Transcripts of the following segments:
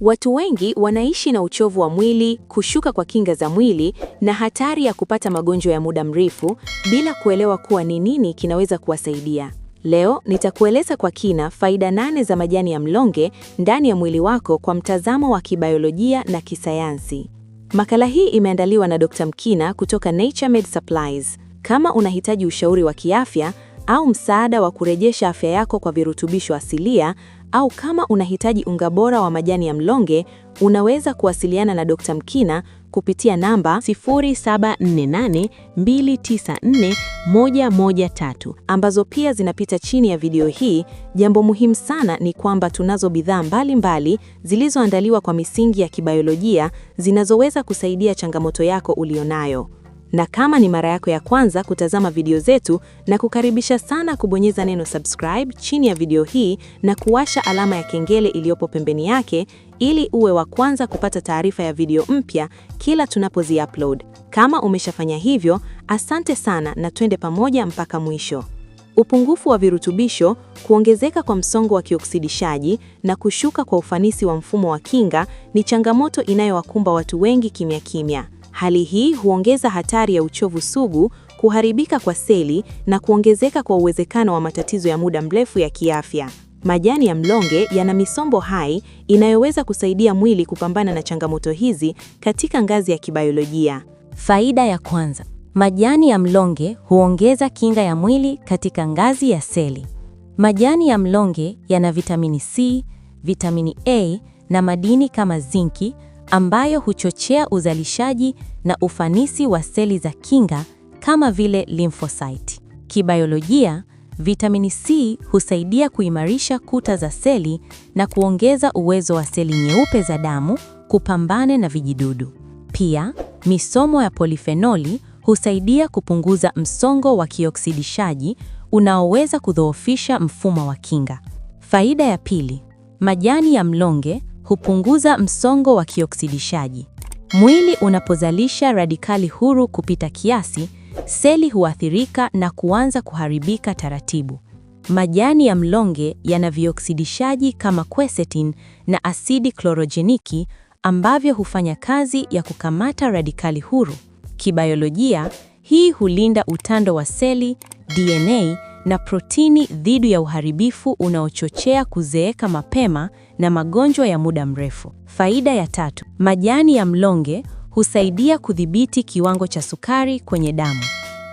Watu wengi wanaishi na uchovu wa mwili, kushuka kwa kinga za mwili na hatari ya kupata magonjwa ya muda mrefu bila kuelewa kuwa ni nini kinaweza kuwasaidia. Leo nitakueleza kwa kina faida nane za majani ya mlonge ndani ya mwili wako kwa mtazamo wa kibayolojia na kisayansi. Makala hii imeandaliwa na Dr. Mkina kutoka Naturemed Supplies. Kama unahitaji ushauri wa kiafya au msaada wa kurejesha afya yako kwa virutubisho asilia, au kama unahitaji unga bora wa majani ya mlonge, unaweza kuwasiliana na Dr. Mkina kupitia namba 0748294113 ambazo pia zinapita chini ya video hii. Jambo muhimu sana ni kwamba tunazo bidhaa mbalimbali zilizoandaliwa kwa misingi ya kibayolojia zinazoweza kusaidia changamoto yako ulionayo. Na kama ni mara yako ya kwanza kutazama video zetu, na kukaribisha sana kubonyeza neno subscribe chini ya video hii na kuwasha alama ya kengele iliyopo pembeni yake ili uwe wa kwanza kupata taarifa ya video mpya kila tunapozi upload. Kama umeshafanya hivyo, asante sana na twende pamoja mpaka mwisho. Upungufu wa virutubisho, kuongezeka kwa msongo wa kioksidishaji na kushuka kwa ufanisi wa mfumo wa kinga ni changamoto inayowakumba watu wengi kimya kimya. Hali hii huongeza hatari ya uchovu sugu, kuharibika kwa seli na kuongezeka kwa uwezekano wa matatizo ya muda mrefu ya kiafya. Majani ya mlonge yana misombo hai inayoweza kusaidia mwili kupambana na changamoto hizi katika ngazi ya kibayolojia. Faida ya kwanza, majani ya mlonge huongeza kinga ya mwili katika ngazi ya seli. Majani ya mlonge yana vitamini C, vitamini A na madini kama zinki ambayo huchochea uzalishaji na ufanisi wa seli za kinga kama vile lymphocyte. Kibiolojia, vitamini C husaidia kuimarisha kuta za seli na kuongeza uwezo wa seli nyeupe za damu kupambane na vijidudu. Pia, misomo ya polifenoli husaidia kupunguza msongo wa kioksidishaji unaoweza kudhoofisha mfumo wa kinga. Faida ya pili, majani ya mlonge hupunguza msongo wa kioksidishaji. Mwili unapozalisha radikali huru kupita kiasi, seli huathirika na kuanza kuharibika taratibu. Majani ya mlonge yana vioksidishaji kama quercetin na asidi klorojeniki ambavyo hufanya kazi ya kukamata radikali huru. Kibayolojia, hii hulinda utando wa seli DNA na protini dhidi ya uharibifu unaochochea kuzeeka mapema na magonjwa ya muda mrefu. Faida ya tatu, majani ya mlonge husaidia kudhibiti kiwango cha sukari kwenye damu.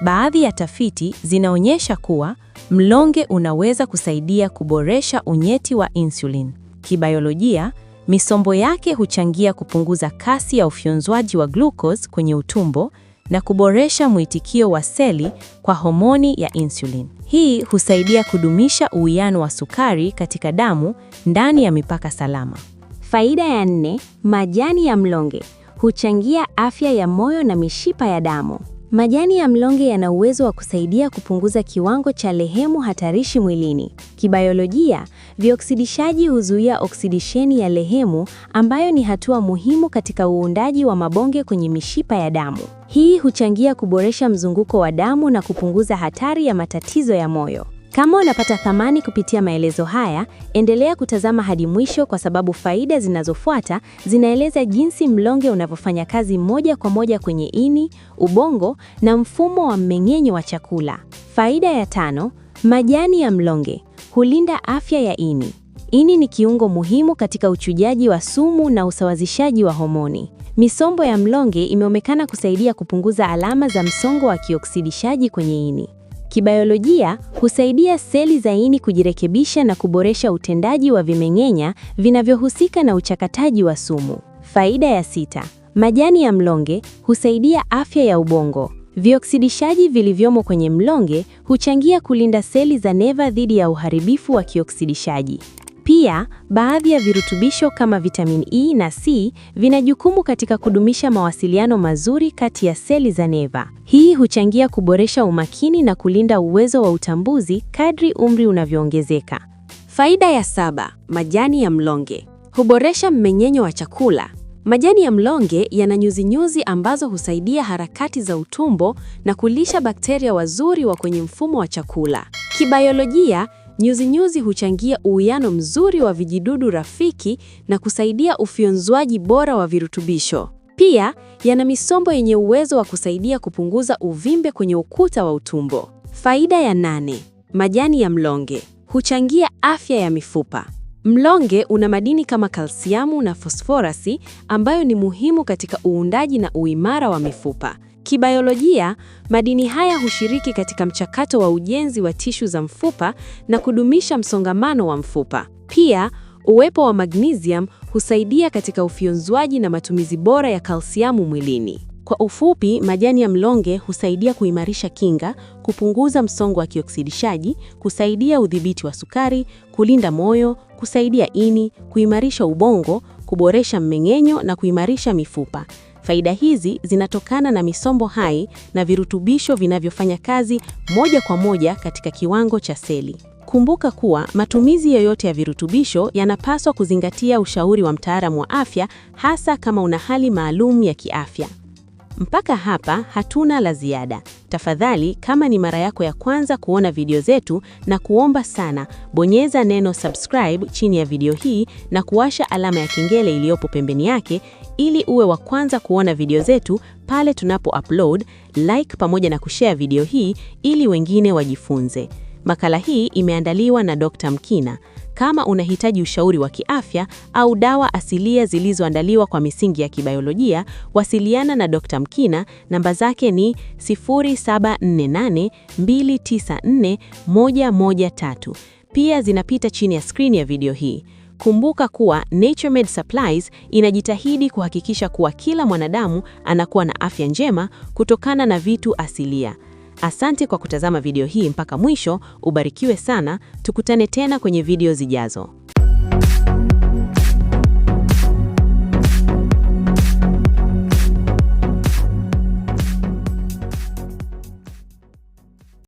Baadhi ya tafiti zinaonyesha kuwa mlonge unaweza kusaidia kuboresha unyeti wa insulin. Kibiolojia, misombo yake huchangia kupunguza kasi ya ufyonzwaji wa glucose kwenye utumbo na kuboresha mwitikio wa seli kwa homoni ya insulin. Hii husaidia kudumisha uwiano wa sukari katika damu ndani ya mipaka salama. Faida ya nne, majani ya mlonge huchangia afya ya moyo na mishipa ya damu. Majani ya mlonge yana uwezo wa kusaidia kupunguza kiwango cha lehemu hatarishi mwilini. kibayolojia vioksidishaji huzuia oksidisheni ya lehemu ambayo ni hatua muhimu katika uundaji wa mabonge kwenye mishipa ya damu. Hii huchangia kuboresha mzunguko wa damu na kupunguza hatari ya matatizo ya moyo. Kama unapata thamani kupitia maelezo haya, endelea kutazama hadi mwisho kwa sababu faida zinazofuata zinaeleza jinsi mlonge unavyofanya kazi moja kwa moja kwenye ini, ubongo na mfumo wa mmeng'enyo wa chakula. Faida ya tano, majani ya mlonge hulinda afya ya ini. Ini ni kiungo muhimu katika uchujaji wa sumu na usawazishaji wa homoni. Misombo ya mlonge imeonekana kusaidia kupunguza alama za msongo wa kioksidishaji kwenye ini. Kibayolojia, husaidia seli za ini kujirekebisha na kuboresha utendaji wa vimeng'enya vinavyohusika na uchakataji wa sumu. Faida ya sita, majani ya mlonge husaidia afya ya ubongo. Vioksidishaji vilivyomo kwenye mlonge huchangia kulinda seli za neva dhidi ya uharibifu wa kioksidishaji. Pia, baadhi ya virutubisho kama vitamin E na C vina jukumu katika kudumisha mawasiliano mazuri kati ya seli za neva. Hii huchangia kuboresha umakini na kulinda uwezo wa utambuzi kadri umri unavyoongezeka. Faida ya saba, majani ya mlonge. Huboresha mmeng'enyo wa chakula. Majani ya mlonge yana nyuzinyuzi ambazo husaidia harakati za utumbo na kulisha bakteria wazuri wa kwenye mfumo wa chakula. Kibayolojia, Nyuzinyuzi huchangia uwiano mzuri wa vijidudu rafiki na kusaidia ufyonzwaji bora wa virutubisho. Pia yana misombo yenye uwezo wa kusaidia kupunguza uvimbe kwenye ukuta wa utumbo. Faida ya nane: majani ya mlonge huchangia afya ya mifupa. Mlonge una madini kama kalsiamu na fosforasi ambayo ni muhimu katika uundaji na uimara wa mifupa. Kibayolojia, madini haya hushiriki katika mchakato wa ujenzi wa tishu za mfupa na kudumisha msongamano wa mfupa. Pia, uwepo wa magnesium husaidia katika ufyonzwaji na matumizi bora ya kalsiamu mwilini. Kwa ufupi, majani ya mlonge husaidia kuimarisha kinga, kupunguza msongo wa kioksidishaji, kusaidia udhibiti wa sukari, kulinda moyo, kusaidia ini, kuimarisha ubongo, kuboresha mmeng'enyo na kuimarisha mifupa. Faida hizi zinatokana na misombo hai na virutubisho vinavyofanya kazi moja kwa moja katika kiwango cha seli. Kumbuka kuwa matumizi yoyote ya virutubisho yanapaswa kuzingatia ushauri wa mtaalamu wa afya, hasa kama una hali maalum ya kiafya. Mpaka hapa hatuna la ziada. Tafadhali, kama ni mara yako ya kwanza kuona video zetu, na kuomba sana bonyeza neno subscribe chini ya video hii na kuwasha alama ya kengele iliyopo pembeni yake ili uwe wa kwanza kuona video zetu pale tunapo upload, like pamoja na kushare video hii ili wengine wajifunze. Makala hii imeandaliwa na Dr. Mkina. Kama unahitaji ushauri wa kiafya au dawa asilia zilizoandaliwa kwa misingi ya kibayolojia, wasiliana na Dr. Mkina. Namba zake ni 0748294113. Pia zinapita chini ya skrini ya video hii. Kumbuka kuwa Naturemed Supplies inajitahidi kuhakikisha kuwa kila mwanadamu anakuwa na afya njema kutokana na vitu asilia. Asante kwa kutazama video hii mpaka mwisho. Ubarikiwe sana, tukutane tena kwenye video zijazo.